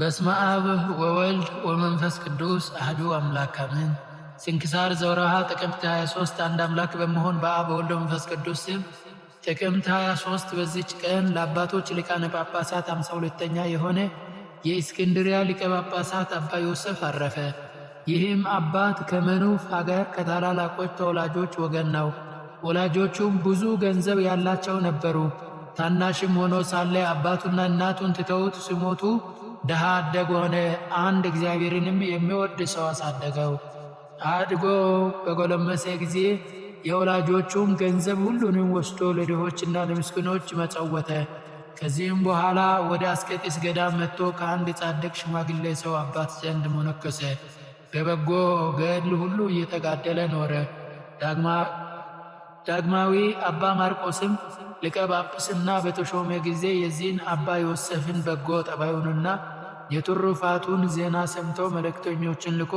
በስመ አብ ወወልድ ወመንፈስ ቅዱስ አህዱ አምላክ አሜን። ስንክሳር ዘወርኀ ጥቅምት 23 አንድ አምላክ በመሆን በአብ ወልድ መንፈስ ቅዱስ ስም ጥቅምት 23 በዚች ቀን ለአባቶች ሊቃነ ጳጳሳት 52ተኛ የሆነ የእስክንድሪያ ሊቀ ጳጳሳት አባ ዮሴፍ አረፈ። ይህም አባት ከመኑፍ ሀገር ከታላላቆች ተወላጆች ወገን ነው። ወላጆቹም ብዙ ገንዘብ ያላቸው ነበሩ። ታናሽም ሆኖ ሳለ አባቱና እናቱን ትተውት ሲሞቱ ድሃ አደግ ሆነ። አንድ እግዚአብሔርንም የሚወድ ሰው አሳደገው። አድጎ በጎለመሰ ጊዜ የወላጆቹን ገንዘብ ሁሉንም ወስዶ ለድሆችና ለምስኪኖች መጸወተ። ከዚህም በኋላ ወደ አስቄጥስ ገዳም መጥቶ ከአንድ ጻድቅ ሽማግሌ ሰው አባት ዘንድ መነኮሰ። በበጎ ገድል ሁሉ እየተጋደለ ኖረ። ዳግማዊ አባ ማርቆስም ሊቀ ጳጳስና በተሾመ ጊዜ የዚህን አባ ዮሴፍን በጎ ጠባዩንና የትሩፋቱን ዜና ሰምተው መልእክተኞችን ልኮ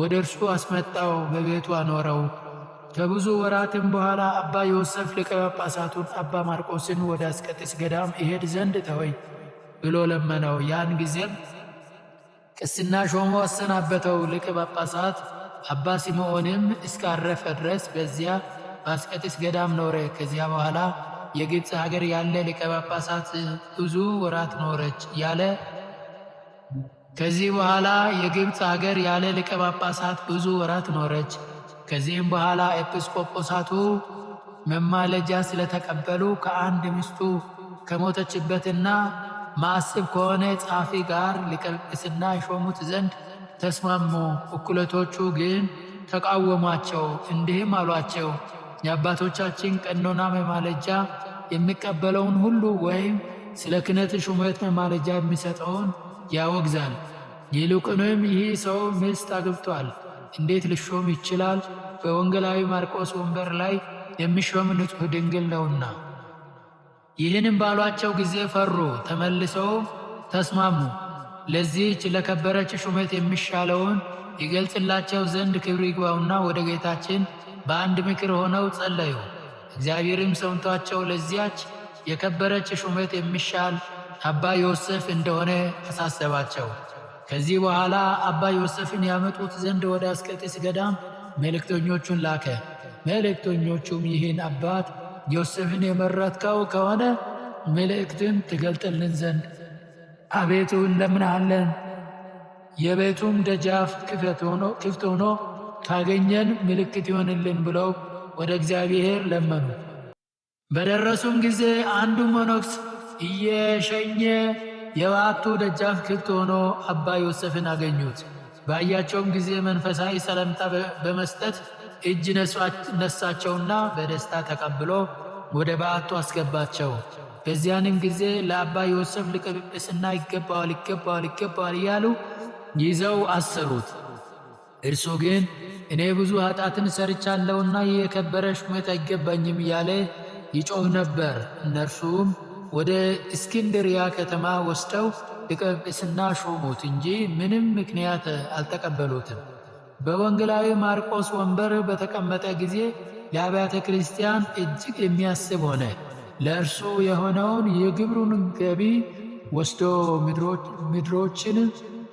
ወደ እርሱ አስመጣው፣ በቤቱ አኖረው። ከብዙ ወራትም በኋላ አባ ዮሴፍ ሊቀ ጳጳሳቱን አባ ማርቆስን ወደ አስቀጥስ ገዳም እሄድ ዘንድ ተወኝ ብሎ ለመነው። ያን ጊዜም ቅስና ሾሞ አሰናበተው። ሊቀ ጳጳሳት አባ ሲምዖንም እስካረፈ ድረስ በዚያ በአስቀጥስ ገዳም ኖረ። ከዚያ በኋላ የግብፅ ሀገር ያለ ሊቀ ጳጳሳት ብዙ ወራት ኖረች ያለ ከዚህ በኋላ የግብፅ አገር ያለ ሊቀ ጳጳሳት ብዙ ወራት ኖረች። ከዚህም በኋላ ኤጲስቆጶሳቱ መማለጃ ስለተቀበሉ ከአንድ ሚስቱ ከሞተችበትና ማስብ ከሆነ ጻፊ ጋር ሊቀ ጵጵስና ይሾሙት ዘንድ ተስማሙ። እኩለቶቹ ግን ተቃወሟቸው፣ እንዲህም አሏቸው የአባቶቻችን ቀኖና መማለጃ የሚቀበለውን ሁሉ ወይም ስለ ክህነት ሹመት መማለጃ የሚሰጠውን ያወግዛል። ይልቁንም ይህ ሰው ሚስት አግብቷል፣ እንዴት ልሾም ይችላል? በወንጌላዊ ማርቆስ ወንበር ላይ የሚሾም ንጹሕ ድንግል ነውና። ይህንም ባሏቸው ጊዜ ፈሩ፣ ተመልሰውም ተስማሙ። ለዚህች ለከበረች ሹመት የሚሻለውን ይገልጽላቸው ዘንድ ክብር ይግባውና ወደ ጌታችን በአንድ ምክር ሆነው ጸለዩ። እግዚአብሔርም ሰምቷቸው ለዚያች የከበረች ሹመት የሚሻል አባ ዮሴፍ እንደሆነ አሳሰባቸው። ከዚህ በኋላ አባ ዮሴፍን ያመጡት ዘንድ ወደ አስቄጥስ ገዳም መልእክተኞቹን ላከ። መልእክተኞቹም ይህን አባት ዮሴፍን የመረጥከው ከሆነ መልእክትን ትገልጥልን ዘንድ አቤቱ እንደምናለን። የቤቱም ደጃፍ ክፍት ሆኖ ካገኘን ምልክት ይሆንልን ብለው ወደ እግዚአብሔር ለመኑ። በደረሱም ጊዜ አንዱ መኖክስ እየሸኘ የባቱ ደጃፍ ክፍት ሆኖ አባ ዮሴፍን አገኙት። ባያቸውም ጊዜ መንፈሳዊ ሰላምታ በመስጠት እጅ ነሳቸውና በደስታ ተቀብሎ ወደ ባቱ አስገባቸው። በዚያንም ጊዜ ለአባ ዮሴፍ ሊቀ ጵጵስና ይገባዋል፣ ይገባዋል፣ ይገባዋል እያሉ ይዘው አሰሩት። እርሱ ግን እኔ ብዙ ኃጢአትን ሰርቻለሁና የከበረ ሹመት አይገባኝም እያለ ይጮህ ነበር። እነርሱም ወደ እስክንድሪያ ከተማ ወስደው ሊቀ ጵጵስና ሾሙት እንጂ ምንም ምክንያት አልተቀበሉትም። በወንጌላዊ ማርቆስ ወንበር በተቀመጠ ጊዜ ለአብያተ ክርስቲያን እጅግ የሚያስብ ሆነ። ለእርሱ የሆነውን የግብሩን ገቢ ወስዶ ምድሮችን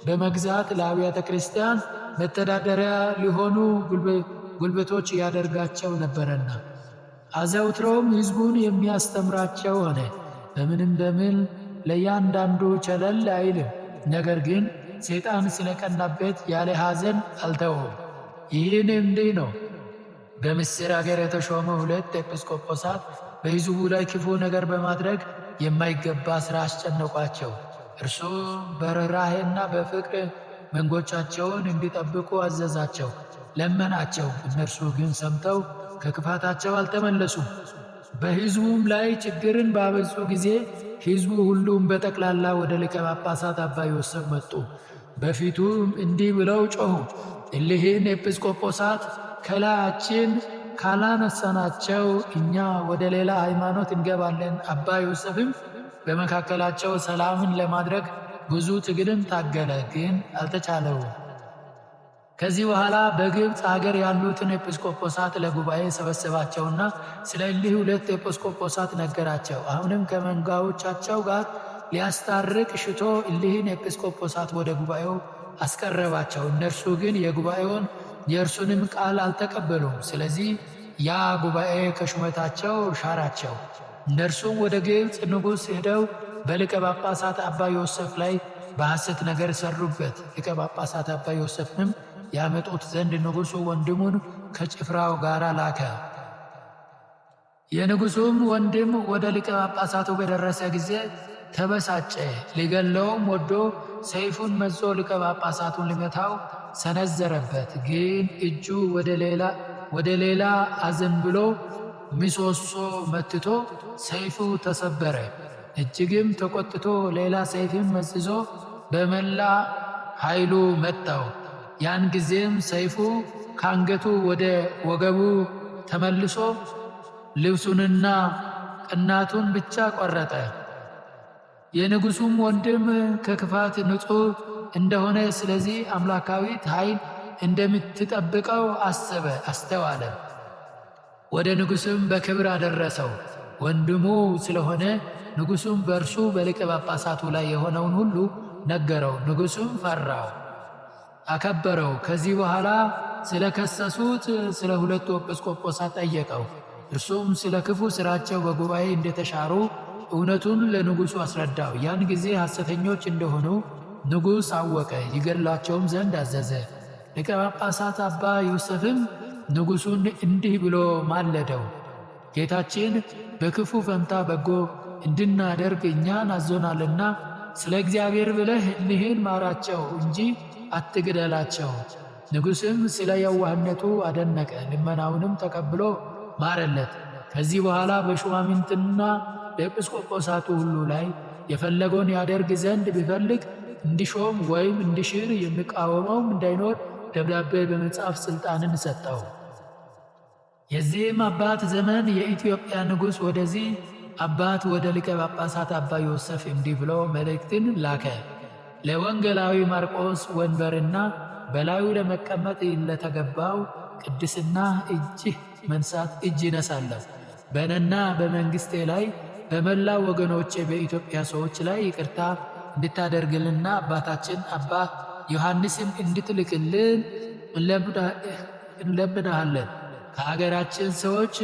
በመግዛት ለአብያተ ክርስቲያን መተዳደሪያ ሊሆኑ ጉልበቶች ያደርጋቸው ነበረና አዘውትሮም ሕዝቡን የሚያስተምራቸው ሆነ። በምንም በምን ለእያንዳንዱ ቸለል አይልም። ነገር ግን ሰይጣን ስለቀናበት ያለ ሐዘን አልተውም። ይህን እንዲህ ነው። በምስር አገር የተሾመ ሁለት ኤጲስቆጶሳት በሕዝቡ ላይ ክፉ ነገር በማድረግ የማይገባ ሥራ አስጨነቋቸው። እርሱ በርኅራኄና በፍቅር መንጎቻቸውን እንዲጠብቁ አዘዛቸው፣ ለመናቸው። እነርሱ ግን ሰምተው ከክፋታቸው አልተመለሱም። በሕዝቡም ላይ ችግርን ባበዙ ጊዜ ሕዝቡ ሁሉም በጠቅላላ ወደ ሊቀ ጳጳሳት አባ ዮሴፍ መጡ። በፊቱም እንዲህ ብለው ጮኹ፣ እሊህን ኤጲስቆጶሳት ከላያችን ካላነሳናቸው እኛ ወደ ሌላ ሃይማኖት እንገባለን። አባ ዮሴፍም በመካከላቸው ሰላምን ለማድረግ ብዙ ትግልን ታገለ፣ ግን አልተቻለውም። ከዚህ በኋላ በግብፅ አገር ያሉትን ኤጲስቆጶሳት ለጉባኤ ሰበሰባቸውና ስለ እሊህ ሁለት ኤጲስቆጶሳት ነገራቸው። አሁንም ከመንጋዎቻቸው ጋር ሊያስታርቅ ሽቶ እሊህን ኤጲስቆጶሳት ወደ ጉባኤው አስቀረባቸው። እነርሱ ግን የጉባኤውን የእርሱንም ቃል አልተቀበሉም። ስለዚህ ያ ጉባኤ ከሹመታቸው ሻራቸው። እነርሱም ወደ ግብፅ ንጉሥ ሄደው በሊቀ ጳጳሳት አባ ዮሴፍ ላይ በሐሰት ነገር ሰሩበት። ሊቀ ጳጳሳት አባ ዮሴፍንም ያመጡት ዘንድ ንጉሡ ወንድሙን ከጭፍራው ጋር ላከ። የንጉሡም ወንድም ወደ ሊቀ ጳጳሳቱ በደረሰ ጊዜ ተበሳጨ። ሊገለውም ወዶ ሰይፉን መዞ ሊቀ ጳጳሳቱን ሊመታው ሰነዘረበት። ግን እጁ ወደ ሌላ አዘንብሎ ምሰሶ መትቶ ሰይፉ ተሰበረ። እጅግም ተቆጥቶ ሌላ ሰይፍም መዝዞ በመላ ኃይሉ መታው። ያን ጊዜም ሰይፉ ከአንገቱ ወደ ወገቡ ተመልሶ ልብሱንና ቅናቱን ብቻ ቆረጠ። የንጉሡም ወንድም ከክፋት ንጹሕ እንደሆነ ስለዚህ አምላካዊት ኃይል እንደምትጠብቀው አሰበ አስተዋለ። ወደ ንጉሥም በክብር አደረሰው። ወንድሙ ስለሆነ ንጉሡም በእርሱ በሊቀ ጳጳሳቱ ላይ የሆነውን ሁሉ ነገረው። ንጉሡም ፈራው። አከበረው። ከዚህ በኋላ ስለ ከሰሱት ስለ ሁለቱ ኤጲስቆጶሳት ጠየቀው። እርሱም ስለ ክፉ ሥራቸው በጉባኤ እንደተሻሩ እውነቱን ለንጉሡ አስረዳው። ያን ጊዜ ሐሰተኞች እንደሆኑ ንጉሥ አወቀ። ይገድላቸውም ዘንድ አዘዘ። ሊቀ ጳጳሳት አባ ዮሴፍም ንጉሡን እንዲህ ብሎ ማለደው። ጌታችን በክፉ ፈንታ በጎ እንድናደርግ እኛን አዞናልና ስለ እግዚአብሔር ብለህ እኒህን ማራቸው እንጂ አትግደላቸው። ንጉሥም ስለ የዋህነቱ አደነቀ፣ ልመናውንም ተቀብሎ ማረለት። ከዚህ በኋላ በሹማምንትና በኤጲስቆጶሳቱ ሁሉ ላይ የፈለገውን ያደርግ ዘንድ ቢፈልግ እንዲሾም ወይም እንዲሽር የሚቃወመውም እንዳይኖር ደብዳቤ በመጻፍ ሥልጣንን ሰጠው። የዚህም አባት ዘመን የኢትዮጵያ ንጉሥ ወደዚህ አባት ወደ ሊቀ ጳጳሳት አባ ዮሴፍ እንዲህ ብሎ መልእክትን ላከ። ለወንጌላዊ ማርቆስ ወንበርና በላዩ ለመቀመጥ ለተገባው ቅድስና እጅ መንሳት እጅ ይነሳለሁ። በእኔና በመንግሥቴ ላይ በመላ ወገኖቼ በኢትዮጵያ ሰዎች ላይ ይቅርታ እንድታደርግልና አባታችን አባ ዮሐንስን እንድትልክልን እንለምናሃለን። ከሀገራችን ሰዎች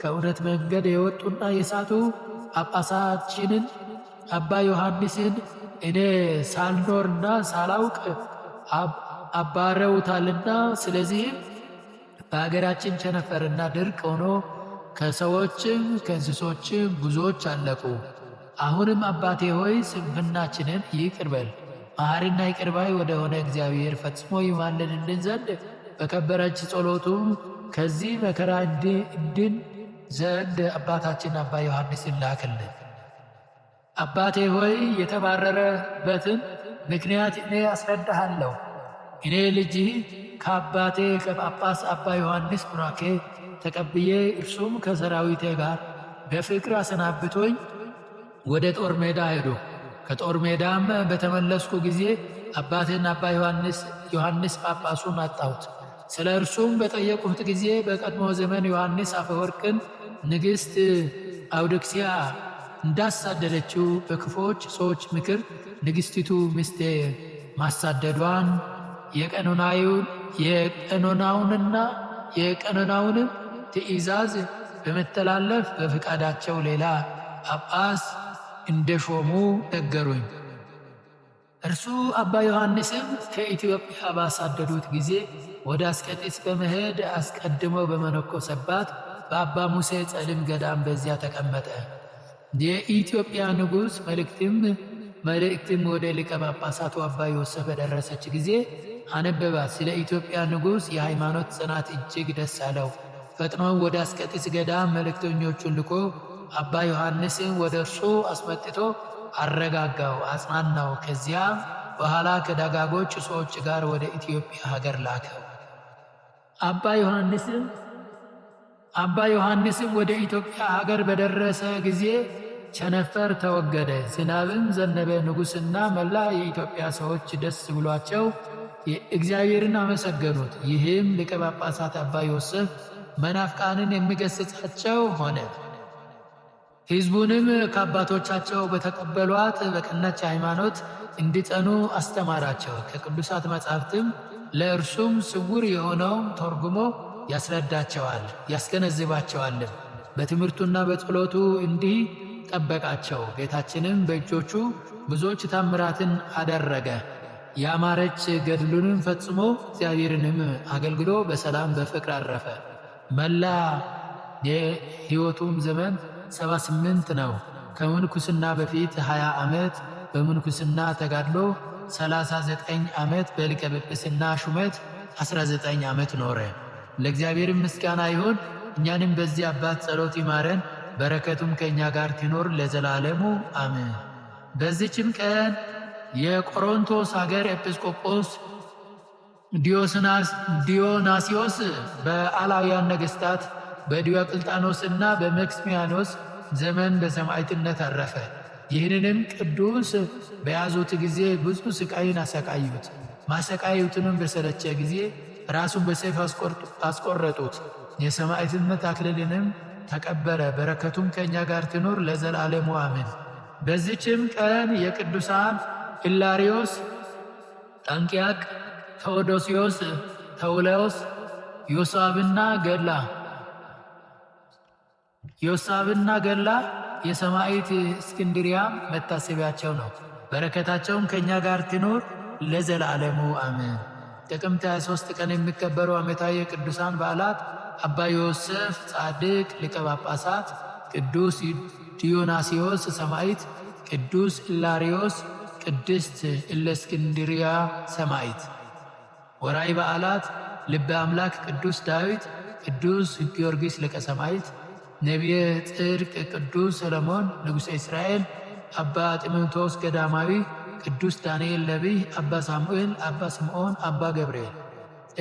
ከእውነት መንገድ የወጡና የሳቱ ጳጳሳችንን አባ ዮሐንስን እኔ ሳልኖርና ሳላውቅ አባረውታልና ስለዚህም በሀገራችን ቸነፈርና ድርቅ ሆኖ ከሰዎችም ከእንስሶችም ብዙዎች አለቁ። አሁንም አባቴ ሆይ ስንፍናችንን ይቅር በል፣ መሐሪና ይቅር ባይ ወደሆነ እግዚአብሔር ፈጽሞ ይማልድልን ዘንድ በከበረች ጸሎቱ ከዚህ መከራ እንድን ዘንድ አባታችን አባ ዮሐንስ ይላክልን አባቴ ሆይ የተባረረበትን ምክንያት እኔ አስረዳሃለሁ። እኔ ልጅ ከአባቴ ከጳጳስ አባ ዮሐንስ ቡራኬ ተቀብዬ እርሱም ከሰራዊቴ ጋር በፍቅር አሰናብቶኝ ወደ ጦር ሜዳ ሄዱ። ከጦር ሜዳም በተመለስኩ ጊዜ አባቴን አባ ዮሐንስ ጳጳሱን አጣሁት። ስለ እርሱም በጠየቁት ጊዜ በቀድሞ ዘመን ዮሐንስ አፈወርቅን ንግሥት አውዶክሲያ እንዳሳደደችው በክፎች ሰዎች ምክር ንግሥቲቱ ሚስቴ ማሳደዷን የቀኖናውንና የቀኖናውንም ትእዛዝ በመተላለፍ በፍቃዳቸው ሌላ ጳጳስ እንደሾሙ ነገሩኝ። እርሱ አባ ዮሐንስም ከኢትዮጵያ ባሳደዱት ጊዜ ወደ አስቄጥስ በመሄድ አስቀድሞ በመነኮሰባት በአባ ሙሴ ጸሊም ገዳም በዚያ ተቀመጠ። የኢትዮጵያ ንጉሥ መልእክትም መልእክትም ወደ ሊቀ ጳጳሳቱ አባ ዮሴፍ በደረሰች ጊዜ አነበባት። ስለ ኢትዮጵያ ንጉሥ የሃይማኖት ጽናት እጅግ ደስ አለው። ፈጥኖም ወደ አስቄጥስ ገዳም መልእክተኞቹን ልኮ አባ ዮሐንስን ወደ እርሱ አስመጥቶ አረጋጋው፣ አጽናናው። ከዚያ በኋላ ከደጋጎች ሰዎች ጋር ወደ ኢትዮጵያ ሀገር ላከው። አባ ዮሐንስም አባ ዮሐንስም ወደ ኢትዮጵያ ሀገር በደረሰ ጊዜ ቸነፈር ተወገደ፣ ዝናብም ዘነበ። ንጉሥና መላ የኢትዮጵያ ሰዎች ደስ ብሏቸው እግዚአብሔርን አመሰገኑት። ይህም ሊቀ ጳጳሳት አባ ዮሴፍ መናፍቃንን የሚገሥጻቸው ሆነ። ሕዝቡንም ከአባቶቻቸው በተቀበሏት በቀናች ሃይማኖት እንዲጸኑ አስተማራቸው። ከቅዱሳት መጻሕፍትም ለእርሱም ስውር የሆነውም ተርጉሞ ያስረዳቸዋል ያስገነዝባቸዋልም። በትምህርቱና በጸሎቱ እንዲህ ጠበቃቸው። ጌታችንም በእጆቹ ብዙዎች ታምራትን አደረገ። ያማረች ገድሉንም ፈጽሞ እግዚአብሔርንም አገልግሎ በሰላም በፍቅር አረፈ። መላ የሕይወቱም ዘመን 78 ነው። ከምንኩስና በፊት 20 ዓመት በምንኩስና ተጋድሎ 39 ዓመት በሊቀ ጵጵስና ሹመት 19 ዓመት ኖረ። ለእግዚአብሔር ምስጋና ይሁን። እኛንም በዚህ አባት ጸሎት ይማረን፣ በረከቱም ከእኛ ጋር ትኖር ለዘላለሙ አሜን። በዚችም ቀን የቆሮንቶስ ሀገር ኤጲስቆጶስ ዲዮናሲዮስ በአላውያን ነገሥታት በዲዮቅልጣኖስና በመክስሚያኖስ ዘመን በሰማዕትነት አረፈ። ይህንንም ቅዱስ በያዙት ጊዜ ብዙ ስቃይን አሰቃዩት። ማሰቃዩትንም በሰለቸ ጊዜ ራሱን በሰይፍ አስቆረጡት። የሰማዕትነት አክልልንም ተቀበረ በረከቱም ከእኛ ጋር ትኖር ለዘላለሙ አምን። በዚችም ቀን የቅዱሳን ኢላሪዮስ፣ ጠንቅያቅ፣ ቴዎዶሲዮስ፣ ተውሌዎስ፣ ዮሳብና ገድላ ዮሳብና ገላ የሰማዕት እስክንድሪያ መታሰቢያቸው ነው። በረከታቸውም ከእኛ ጋር ትኖር ለዘላለሙ አሜን። ጥቅምት 23 ቀን የሚከበሩ ዓመታዊ የቅዱሳን በዓላት አባ ዮሴፍ ጻድቅ ሊቀ ጳጳሳት፣ ቅዱስ ዲዮናሲዮስ ሰማዕት፣ ቅዱስ ኢላሪዮስ፣ ቅድስት እለእስክንድርያ ሰማዕት። ወርኃዊ በዓላት ልበ አምላክ ቅዱስ ዳዊት፣ ቅዱስ ጊዮርጊስ ሊቀ ሰማዕት ነቢየ ጽድቅ ቅዱስ ሰለሞን ንጉሠ እስራኤል፣ አባ ጢሞቴዎስ ገዳማዊ፣ ቅዱስ ዳንኤል ነቢይ፣ አባ ሳሙኤል፣ አባ ስምዖን፣ አባ ገብርኤል።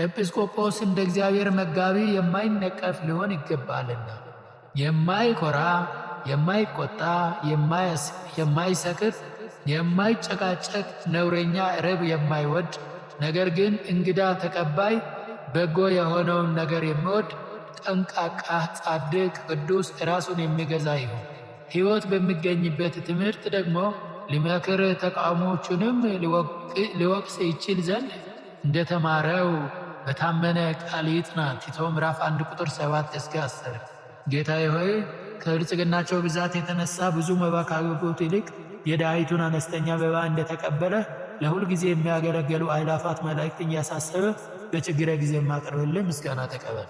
ኤጲስቆጶስ እንደ እግዚአብሔር መጋቢ የማይነቀፍ ሊሆን ይገባልና የማይኮራ፣ የማይቆጣ፣ የማይሰክር፣ የማይጨቃጨቅ፣ ነውረኛ ረብ የማይወድ ነገር ግን እንግዳ ተቀባይ በጎ የሆነውን ነገር የሚወድ ጠንቃቃ፣ ጻድቅ፣ ቅዱስ ራሱን የሚገዛ ይሁን። ሕይወት በሚገኝበት ትምህርት ደግሞ ሊመክር ተቃውሞቹንም ሊወቅስ ይችል ዘንድ እንደተማረው በታመነ ቃል ይጥና። ቲቶ ምዕራፍ 1 ቁጥር 7 እስከ 10። ጌታዬ ሆይ ከብልጽግናቸው ብዛት የተነሳ ብዙ መባ ካገቡት ይልቅ የድሃይቱን አነስተኛ መባ እንደተቀበለ ለሁል ጊዜ የሚያገለግሉ አእላፋት መላእክትን እያሳሰበ በችግረ ጊዜ የማቀርብልን ምስጋና ተቀበል።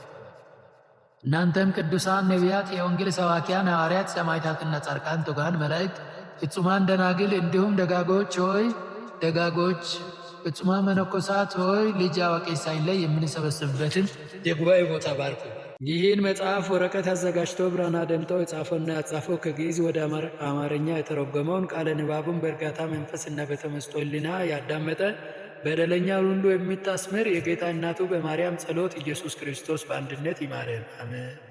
እናንተም ቅዱሳን ነቢያት፣ የወንጌል ሰባኪያን ሐዋርያት፣ ሰማዕታትና ጻድቃን፣ ትጉሃን መላእክት፣ ፍጹማን ደናግል እንዲሁም ደጋጎች ሆይ ደጋጎች ፍጹማን መነኮሳት ሆይ ልጅ አዋቂ ሳይለይ የምንሰበስብበትን የጉባኤ ቦታ ባርኩ። ይህን መጽሐፍ ወረቀት አዘጋጅቶ ብራና ደምጠው የጻፈውና ያጻፈው ከግዕዝ ወደ አማርኛ የተረጎመውን ቃለ ንባቡን በእርጋታ መንፈስና በተመስጦ ልቦና ያዳመጠ በደለኛውን ሁሉ የሚታስምር የጌታ እናቱ በማርያም ጸሎት ኢየሱስ ክርስቶስ በአንድነት ይማረን፣ አሜን።